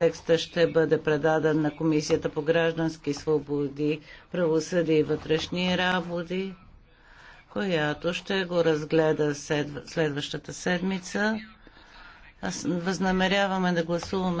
Текста ще бъде предаден на Комисията по граждански свободи, правосъдие и вътрешни работи, която ще го разгледа следващата седмица. Аз възнамеряваме да гласуваме